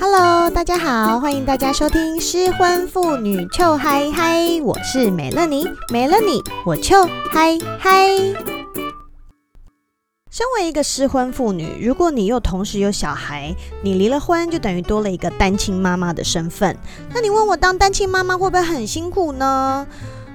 Hello，大家好，歡迎大家收聽失婚婦女 Chill High High，我是美樂妮，美樂你我 Chill High High。身為一個失婚婦女，如果你又同時有小孩，你離了婚就等於多了一個單親媽媽的身份。那你問我當單親媽媽會不會很辛苦呢？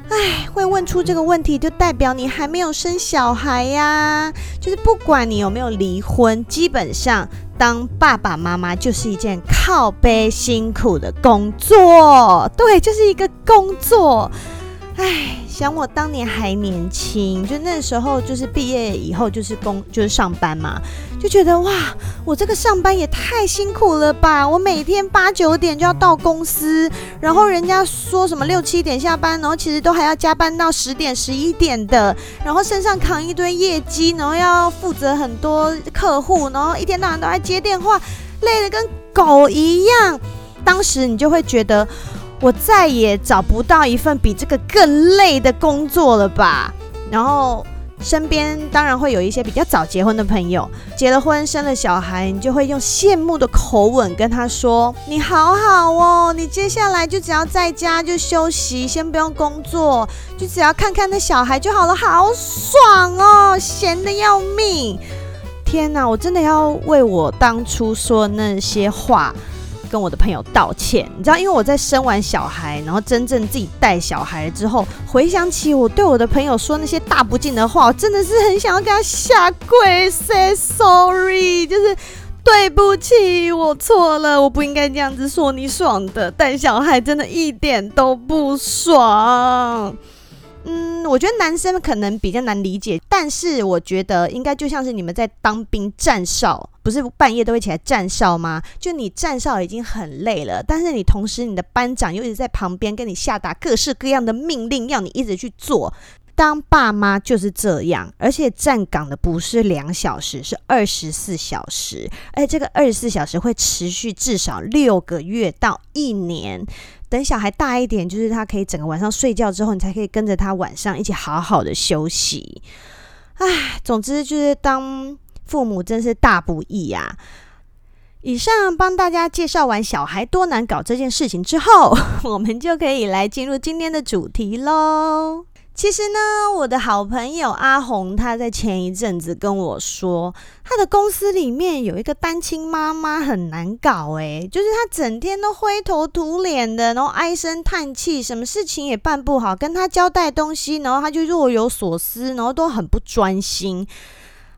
唉，會問出這個問題，就代表你還沒有生小孩呀、啊。就是不管你有沒有離婚，基本上。當爸爸媽媽就是一件靠杯辛苦的工作，對，就是一個工作。哎，想我當年還年輕，就那時候就是畢業以後就是工就是上班嘛，就覺得哇，我這個上班也太辛苦了吧！我每天八九點就要到公司，然後人家說什麼六七點下班，然後其實都還要加班到十點十一點的，然後身上扛一堆業績，然後要負責很多客戶，然後一天到晚都在接電話，累得跟狗一樣。當時你就會覺得。我再也找不到一份比這個更累的工作了吧？然後身邊當然會有一些比較早結婚的朋友，結了婚生了小孩，你就會用羨慕的口吻跟他說：“你好好哦，你接下來就只要在家就休息，先不用工作，就只要看看那小孩就好了，好爽哦，閒得要命！”天哪，我真的要為我當初說那些話。跟我的朋友道歉，你知道，因為我在生完小孩，然後真正自己帶小孩之後，回想起我對我的朋友說那些大不敬的話，我真的是很想要跟他下跪，say sorry，就是對不起，我錯了，我不應該這樣子說你爽的，帶小孩真的一點都不爽。嗯，我覺得男生可能比較難理解，但是我覺得應該就像是你們在當兵站哨，不是半夜都會起來站哨嗎？就你站哨已經很累了，但是你同時你的班長又一直在旁邊跟你下達各式各樣的命令，要你一直去做。當爸媽就是這樣，而且站崗的不是兩小時，是二十四小時，而且這個二十四小時會持續至少六個月到一年。等小孩大一點，就是他可以整個晚上睡覺之後，你才可以跟着他晚上一起好好的休息。唉，總之就是當父母真是大不易呀！以上幫大家介紹完小孩多難搞這件事情之後，我們就可以來進入今天的主題嘍。其實呢，我的好朋友阿紅，她在前一陣子跟我說，她的公司裡面有一個單親媽媽很難搞哎、欸，就是她整天都灰頭土臉的，然後唉聲嘆氣，什麼事情也辦不好。跟她交代東西，然後她就若有所思，然後都很不專心。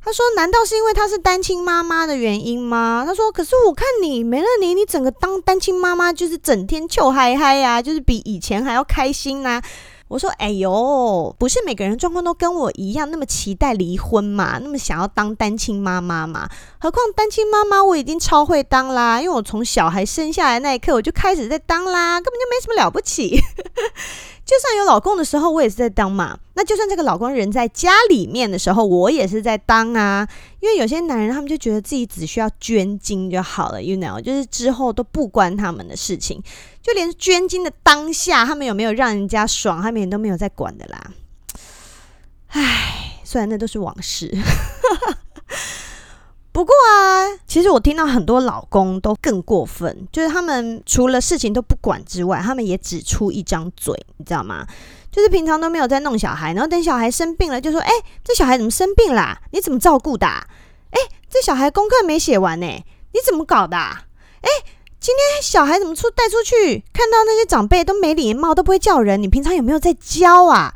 她說：“難道是因為她是單親媽媽的原因嗎？”她說：“可是我看你，美樂妮，你整個當單親媽媽就是整天 Chill High High 呀、啊，就是比以前還要開心吶、啊。”我說：“哎呦，不是每個人狀況都跟我一樣，那麼期待離婚嘛，那麼想要當單親媽媽嘛？何況單親媽媽，我已經超會當啦，因為我從小孩生下來那一刻，我就開始在當啦，根本就沒什麼了不起。 ”就算有老公的時候，我也是在當嘛。那就算這個老公人在家裡面的時候，我也是在當啊。因為有些男人，他們就覺得自己只需要捐精就好了，you know，就是之後都不關他們的事情。就連捐精的當下，他們有沒有讓人家爽，他們也都沒有在管的啦。唉，雖然那都是往事。呵呵不過啊，其實我聽到很多老公都更過分，就是他們除了事情都不管之外，他們也只出一張嘴，你知道嗎？就是平常都沒有在弄小孩，然後等小孩生病了，就說：“哎，這小孩怎麼生病啦？你怎麼照顧的？哎，這小孩功課沒寫完呢，你怎麼搞的？哎，今天小孩怎麼出帶出去？看到那些長輩都沒禮貌，都不會叫人，你平常有沒有在教啊？”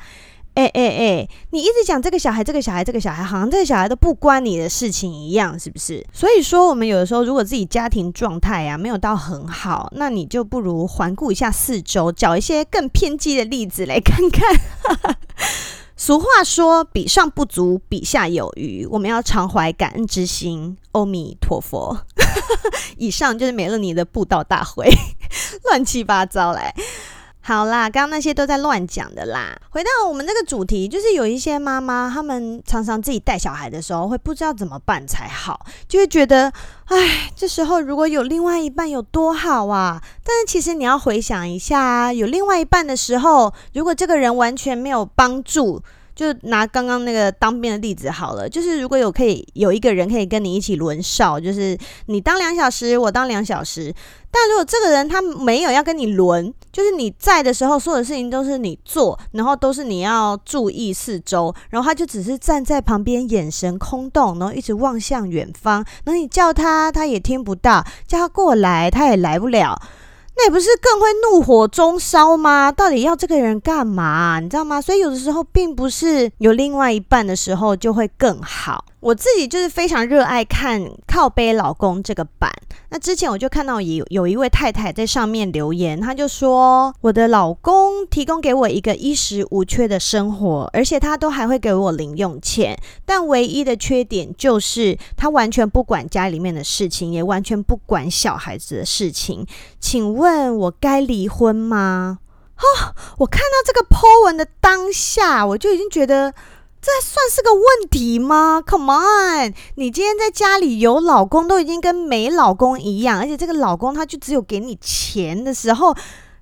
哎哎哎！你一直講這個小孩，這個小孩，這個小孩，好像這個小孩都不關你的事情一樣，是不是？所以說，我們有的時候如果自己家庭狀態啊沒有到很好，那你就不如環顧一下四周，找一些更偏激的例子來看看。 俗話說：“比上不足，比下有餘。”我們要常懷感恩之心。阿彌陀佛。 以上就是美樂妮的布道大會，亂 七八糟來、欸。好啦，剛剛那些都在亂講的啦。回到我們這個主題，就是有一些媽媽，她們常常自己帶小孩的時候，會不知道怎麼辦才好，就會覺得，唉，這時候如果有另外一半有多好啊！但是其實你要回想一下，有另外一半的時候，如果這個人完全沒有幫助。就拿剛剛那個當兵的例子好了，就是如果有可以有一個人可以跟你一起輪哨，就是你當兩小時，我當兩小時。但如果這個人他沒有要跟你輪，就是你在的時候，所有事情都是你做，然後都是你要注意四周，然後他就只是站在旁邊，眼神空洞，然後一直望向遠方，然後你叫他他也聽不到，叫他過來他也來不了。那也不是更會怒火中燒嗎？到底要這個人幹嘛啊？你知道嗎？所以有的時候，並不是有另外一半的時候就會更好。我自己就是非常熱愛看靠背老公這個版。那之前我就看到有有一位太太在上面留言，她就說：“我的老公提供給我一個衣食無缺的生活，而且他都還會給我零用錢，但唯一的缺點就是他完全不管家裡面的事情，也完全不管小孩子的事情。請問，我該離婚嗎？”哦，我看到這個 po 文的當下，我就已經覺得。這算是個問題嗎？Come on，你今天在家裡有老公都已經跟沒老公一樣，而且這個老公他就只有給你錢的時候。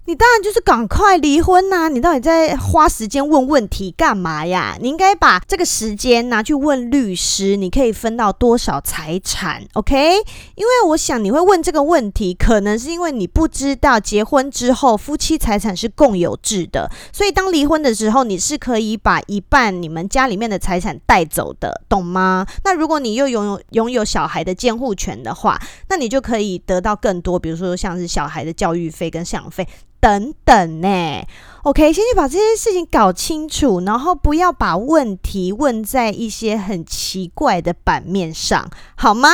你當然就是趕快離婚吶、啊！你到底在花時間問問題幹嘛呀？你應該把這個時間拿去問律師，你可以分到多少財產？OK？因為我想你會問這個問題，可能是因為你不知道結婚之後夫妻財產是共有制的，所以當離婚的時候，你是可以把一半你們家裡面的財產帶走的，懂嗎？那如果你又擁有擁有小孩的監護權的話，那你就可以得到更多，比如說像是小孩的教育費跟贍養費。等等欸，OK，先去把這些事情搞清楚，然後不要把問題問在一些很奇怪的版面上，好嗎？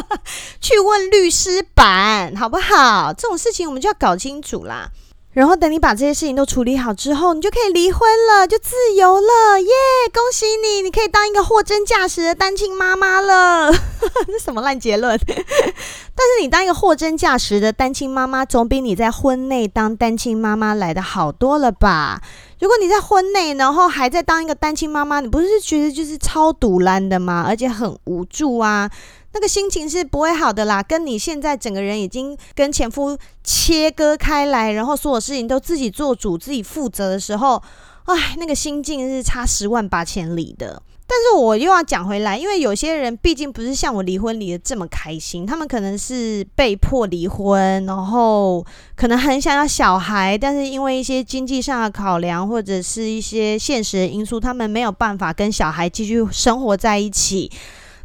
去問律師版，好不好？這種事情我們就要搞清楚啦。然後等你把這些事情都處理好之後，你就可以離婚了，就自由了，耶、yeah！恭喜你，你可以當一個貨真價實的單親媽媽了。 這什麼爛結論？ 但是你當一個貨真價實的單親媽媽，總比你在婚內當單親媽媽來得好多了吧？如果你在婚內，然後還在當一個單親媽媽，你不是覺得就是超獨爛的嗎？而且很無助啊。那個心情是不會好的啦，跟你現在整個人已經跟前夫切割開來，然後所有事情都自己做主、自己負責的時候，唉，那個心境是差十萬八千里的。但是我又要講回來，因為有些人畢竟不是像我離婚離得這麼開心，他們可能是被迫離婚，然後可能很想要小孩，但是因為一些經濟上的考量或者是一些現實的因素，他們沒有辦法跟小孩繼續生活在一起。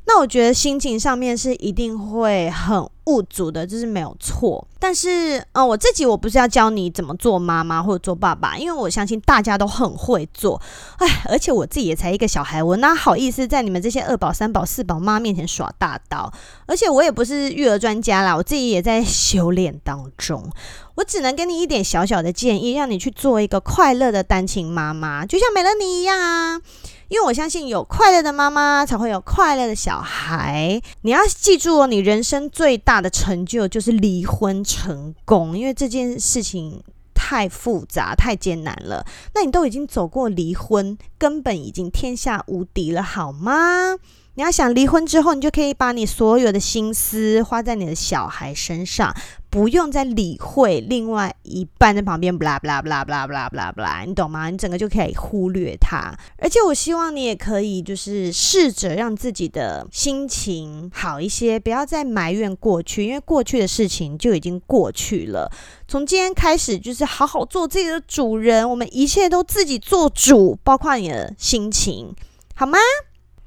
那我覺得心情上面是一定會很無助的，這、就是沒有錯。但是，嗯、哦，我自己我不是要教你怎麼做媽媽或者做爸爸，因為我相信大家都很會做。哎，而且我自己也才一個小孩，我哪好意思在你們這些二寶、三寶、四寶媽面前耍大刀？而且我也不是育兒專家啦，我自己也在修煉當中。我只能給你一點小小的建議，讓你去做一個快樂的單親媽媽，就像美樂妮一樣啊。因為我相信，有快樂的媽媽才會有快樂的小孩。你要記住哦，你人生最大的成就就是離婚成功，因為這件事情太複雜、太艱難了。那你都已經走過離婚，根本已經天下無敵了，好嗎？你要想離婚之後，你就可以把你所有的心思花在你的小孩身上。不用再理會另外一半在旁邊，不啦不啦不啦不啦不啦不啦你懂嗎？你整個就可以忽略他。而且我希望你也可以就是試着讓自己的心情好一些，不要再埋怨過去，因為過去的事情就已經過去了。從今天開始，就是好好做自己的主人，我們一切都自己做主，包括你的心情，好嗎？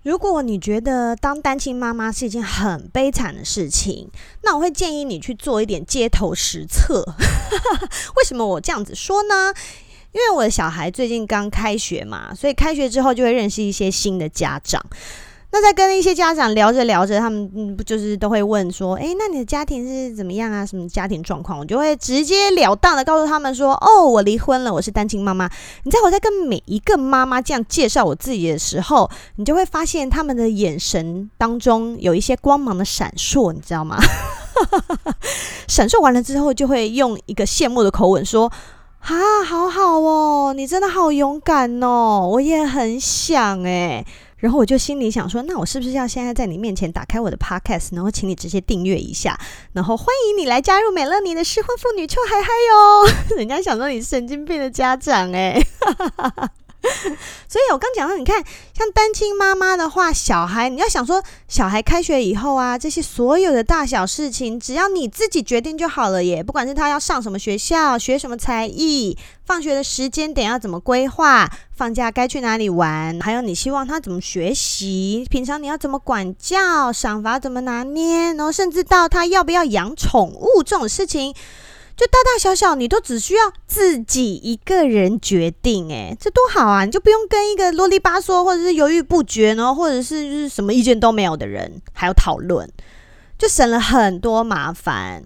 如果你覺得當單親媽媽是一件很悲慘的事情，那我會建議你去做一點街頭實測。 為什麼我這樣子說呢？因為我的小孩最近剛開學嘛，所以開學之後就會認識一些新的家長。那在跟一些家長聊着聊着，他們不就是都會問說：“欸，那你的家庭是怎麼樣啊？什麼家庭狀況？”我就會直截了當的告訴他們說：“哦，我離婚了，我是單親媽媽。”你在我在跟每一個媽媽這樣介紹我自己的時候，你就會發現他們的眼神當中有一些光芒的閃爍，你知道嗎？閃 爍完了之後，就會用一個羨慕的口吻說：“啊，好好哦，你真的好勇敢哦，我也很想欸。”然後我就心裡想說，那我是不是要現在在你面前打開我的 Podcast，然後請你直接訂閱一下，然後歡迎你來加入美樂妮的失婚婦女 Chill High High 喲。人家想說你是神經病的家長哈、欸 所以，我剛講到，你看，像單親媽媽的話，小孩你要想說，小孩開學以後啊，這些所有的大小事情，只要你自己決定就好了耶。不管是他要上什麼學校，學什麼才藝，放學的時間點要怎麼規劃，放假該去哪裡玩，還有你希望他怎麼學習，平常你要怎麼管教，賞罰怎麼拿捏，然後甚至到他要不要養寵物這種事情。就大大小小，你都只需要自己一個人決定。欸，誒，這多好啊！你就不用跟一個囉裡吧嗦，或者是猶豫不決呢、哦，或者是就是什麼意見都沒有的人還要討論，就省了很多麻煩。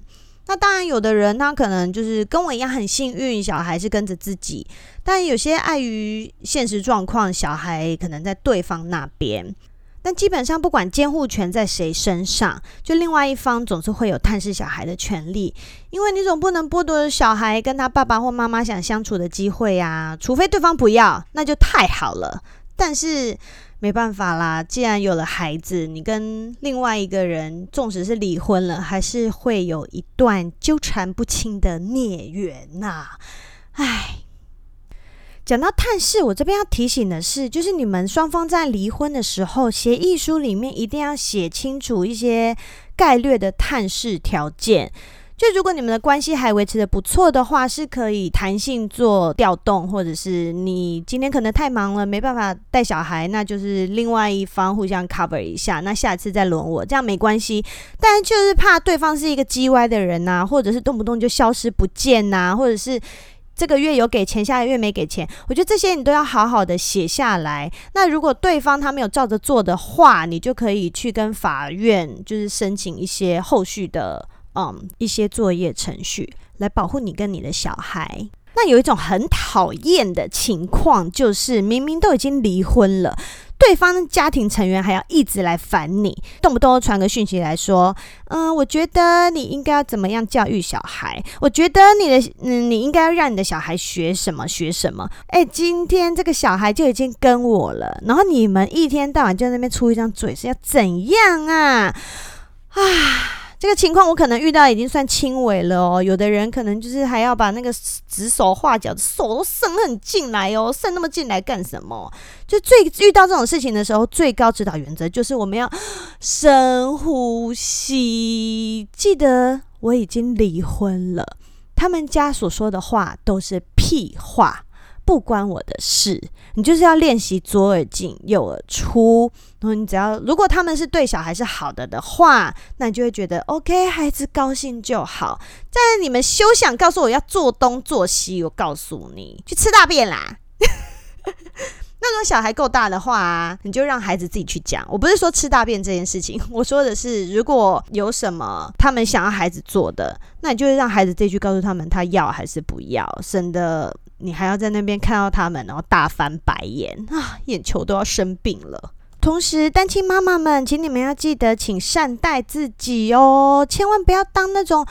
那當然，有的人他可能就是跟我一樣很幸運，小孩是跟着自己，但有些礙於現實狀況，小孩可能在對方那邊。但基本上，不管監護權在誰身上，就另外一方總是會有探視小孩的權利，因為你總不能剝奪小孩跟他爸爸或媽媽想相處的機會啊，除非對方不要，那就太好了。但是沒辦法啦，既然有了孩子，你跟另外一個人，縱使是離婚了，還是會有一段糾纏不清的孽緣吶、啊，唉。講到探視，我這邊要提醒的是，就是你們雙方在離婚的時候協議書裡面一定要寫清楚一些概略的探視條件。就如果你們的關係還維持得不錯的話，是可以彈性做調動，或者是你今天可能太忙了沒辦法帶小孩，那就是另外一方互相 cover 一下，那下次再輪我，這樣沒關係。但就是怕對方是一個雞歪的人吶、啊，或者是動不動就消失不見吶、啊，或者是。這個月有給錢，下個月沒給錢，我覺得這些你都要好好的寫下來。那如果對方他沒有照着做的話，你就可以去跟法院，就是申請一些後續的、嗯，一些作業程序來保護你跟你的小孩。那有一種很討厭的情況，就是明明都已經離婚了。對方的家庭成員還要一直來煩你，動不動傳個訊息來說：“嗯，我覺得你應該要怎麼樣教育小孩？我覺得你的嗯，你應該要讓你的小孩學什麼學什麼？”哎，今天這個小孩就已經跟我了，然後你們一天到晚就在那邊出一張嘴，是要怎樣啊？啊！這個情況我可能遇到已經算輕微了哦，有的人可能就是還要把那個指手畫腳的手都伸很進來哦，伸那麼進來幹什麼？就最遇到這種事情的時候，最高指導原則就是我們要深呼吸，記得我已經離婚了，他們家所說的話都是屁話。不關我的事，你就是要練習左耳進右耳出。然後你只要，如果他們是對小孩是好的的話，那你就會覺得 OK，孩子高興就好。但是你們休想告訴我要做東做西，我告訴你，去吃大便啦！ 那如果小孩夠大的話啊，你就讓孩子自己去講。我不是說吃大便這件事情，我說的是，如果有什麼他們想要孩子做的，那你就會讓孩子自己告訴他們他要還是不要，省得。你還要在那邊看到他們，然後大翻白眼啊，眼球都要生病了。同時，單親媽媽們，請你們要記得，請善待自己哦，千萬不要當那種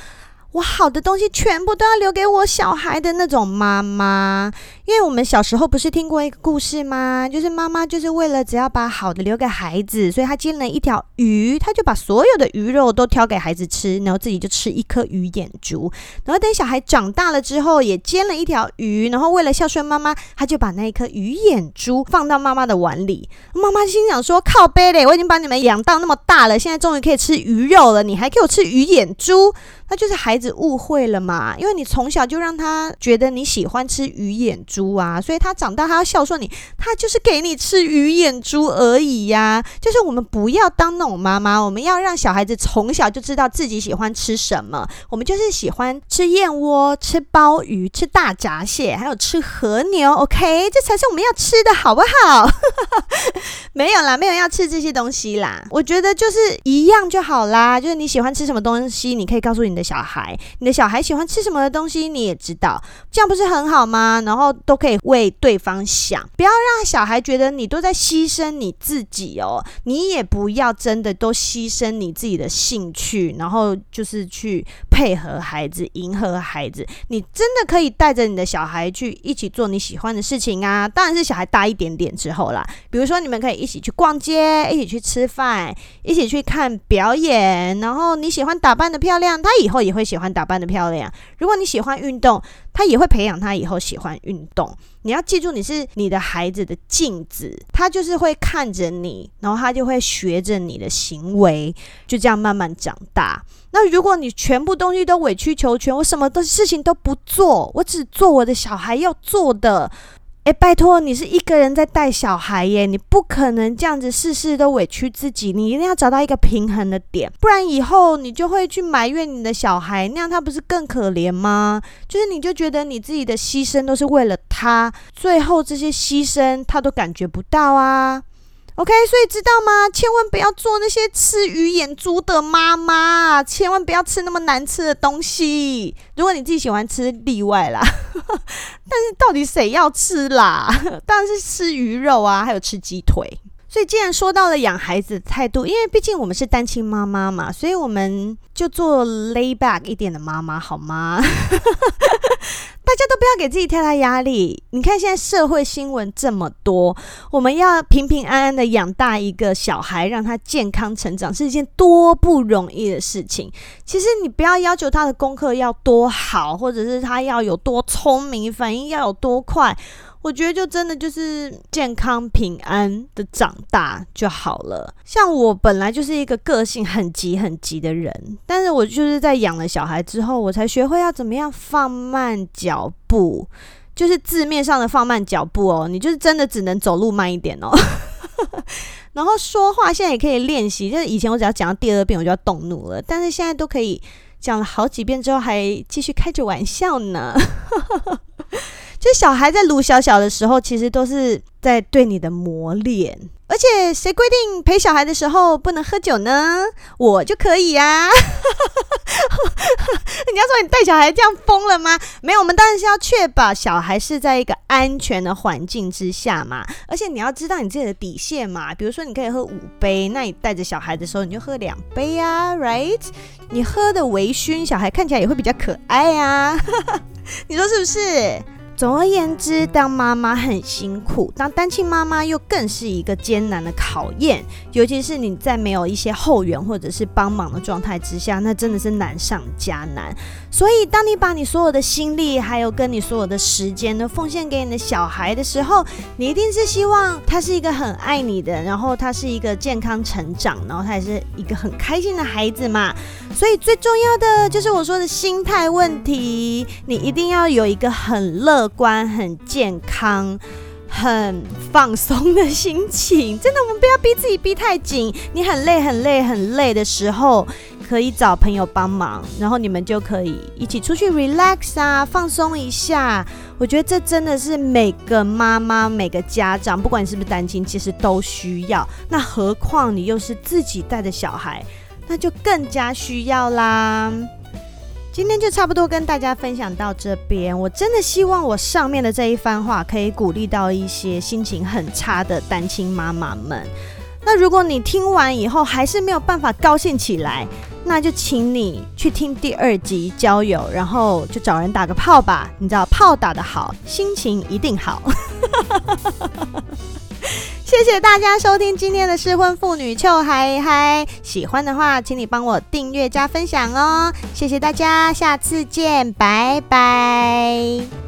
我好的東西全部都要留給我小孩的那種媽媽。因為我們小時候不是聽過一個故事嗎？就是媽媽就是為了只要把好的留給孩子，所以她煎了一條魚，她就把所有的魚肉都挑給孩子吃，然後自己就吃一顆魚眼珠。然後等小孩長大了之後，也煎了一條魚，然後為了孝順媽媽，她就把那一顆魚眼珠放到媽媽的碗裡。媽媽心想說：“靠北嘞，我已經把你們養到那麼大了，現在終於可以吃魚肉了，你還給我吃魚眼珠？”那就是孩子誤會了嘛，因為你從小就讓他覺得你喜歡吃魚眼珠。豬啊，所以他長大他要孝順你，他就是給你吃魚眼珠而已呀、啊。就是我們不要當那種媽媽，我們要讓小孩子從小就知道自己喜歡吃什麼。我們就是喜歡吃燕窩、吃鮑魚、吃大閘蟹，還有吃和牛。OK，這才是我們要吃的好不好？ 沒有啦，沒有要吃這些東西啦。我覺得就是一樣就好啦。就是你喜歡吃什麼東西，你可以告訴你的小孩，你的小孩喜歡吃什麼的東西，你也知道，這樣不是很好嗎？然後。都可以為對方想，不要讓小孩覺得你都在犧牲你自己哦。你也不要真的都犧牲你自己的興趣，然後就是去。配合孩子，迎合孩子，你真的可以帶着你的小孩去一起做你喜歡的事情啊！當然是小孩大一點點之後啦，比如說你們可以一起去逛街，一起去吃飯，一起去看表演。然後你喜歡打扮得漂亮，他以後也會喜歡打扮得漂亮。如果你喜歡運動，他也會培養他以後喜歡運動。你要記住，你是你的孩子的鏡子，他就是會看着你，然後他就會學着你的行為，就這樣慢慢長大。那如果你全部東西都委曲求全，我什麼的事情都不做，我只做我的小孩要做的。哎、欸，拜託，你是一個人在帶小孩耶，你不可能這樣子事事都委屈自己，你一定要找到一個平衡的點，不然以後你就會去埋怨你的小孩，那樣他不是更可憐嗎？就是你就覺得你自己的犧牲都是為了他，最後這些犧牲他都感覺不到啊。OK，所以知道嗎？千萬不要做那些吃魚眼珠的媽媽，千萬不要吃那麼難吃的東西。如果你自己喜歡吃，例外啦。 但是到底誰要吃啦？當然是吃魚肉啊，還有吃雞腿。所以既然說到了養孩子的態度，因為畢竟我們是單親媽媽嘛，所以我們就做 lay back 一點的媽媽好嗎？ 大家都不要給自己太大壓力。你看現在社會新聞這麼多，我們要平平安安的養大一個小孩，讓他健康成長，是一件多不容易的事情。其實你不要要求他的功課要多好，或者是他要有多聰明，反應要有多快。我覺得就真的就是健康平安的長大就好了。像我本來就是一個個性很急很急的人，但是我就是在養了小孩之後，我才學會要怎麼樣放慢腳步，就是字面上的放慢腳步哦。你就是真的只能走路慢一點哦。 然後說話現在也可以練習，就是以前我只要講到第二遍，我就要動怒了，但是現在都可以講了好幾遍之後還繼續開着玩笑呢。 其實小孩在擼小小的時候，其實都是在對你的磨練。而且誰規定陪小孩的時候不能喝酒呢？我就可以呀、啊！人 家說你帶小孩這樣瘋了嗎？沒有，我們當然是要確保小孩是在一個安全的環境之下嘛。而且你要知道你自己的底線嘛。比如說你可以喝五杯，那你帶着小孩的時候你就喝兩杯呀、啊、，right？你喝的微醺，小孩看起來也會比較可愛呀、啊。 你說是不是？總而言之，當媽媽很辛苦，當單親媽媽又更是一個艱難的考驗，尤其是你在沒有一些後援或者是幫忙的狀態之下，那真的是難上加難。所以，當你把你所有的心力還有跟你所有的時間都奉獻給你的小孩的時候，你一定是希望他是一個很愛你的，然後他是一個健康成長，然後他也是一個很開心的孩子嘛。所以最重要的就是我說的心態問題，你一定要有一個很樂。樂觀、很健康、很放鬆的心情，真的，我們不要逼自己逼太緊。你很累、很累、很累的時候，可以找朋友幫忙，然後你們就可以一起出去 relax 啊，放鬆一下。我覺得這真的是每個媽媽、每個家長，不管你是不是單親，其實都需要。那何況你又是自己帶的小孩，那就更加需要啦。今天就差不多跟大家分享到這邊，我真的希望我上面的這一番話可以鼓勵到一些心情很差的單親媽媽們。那如果你聽完以後還是沒有辦法高興起來，那就請你去聽第二集交友，然後就找人打個炮吧。你知道，炮打得好，心情一定好。 謝謝大家收聽今天的失婚婦女 Chill High High，喜歡的話，請你幫我訂閱加分享哦。謝謝大家，下次見，拜拜。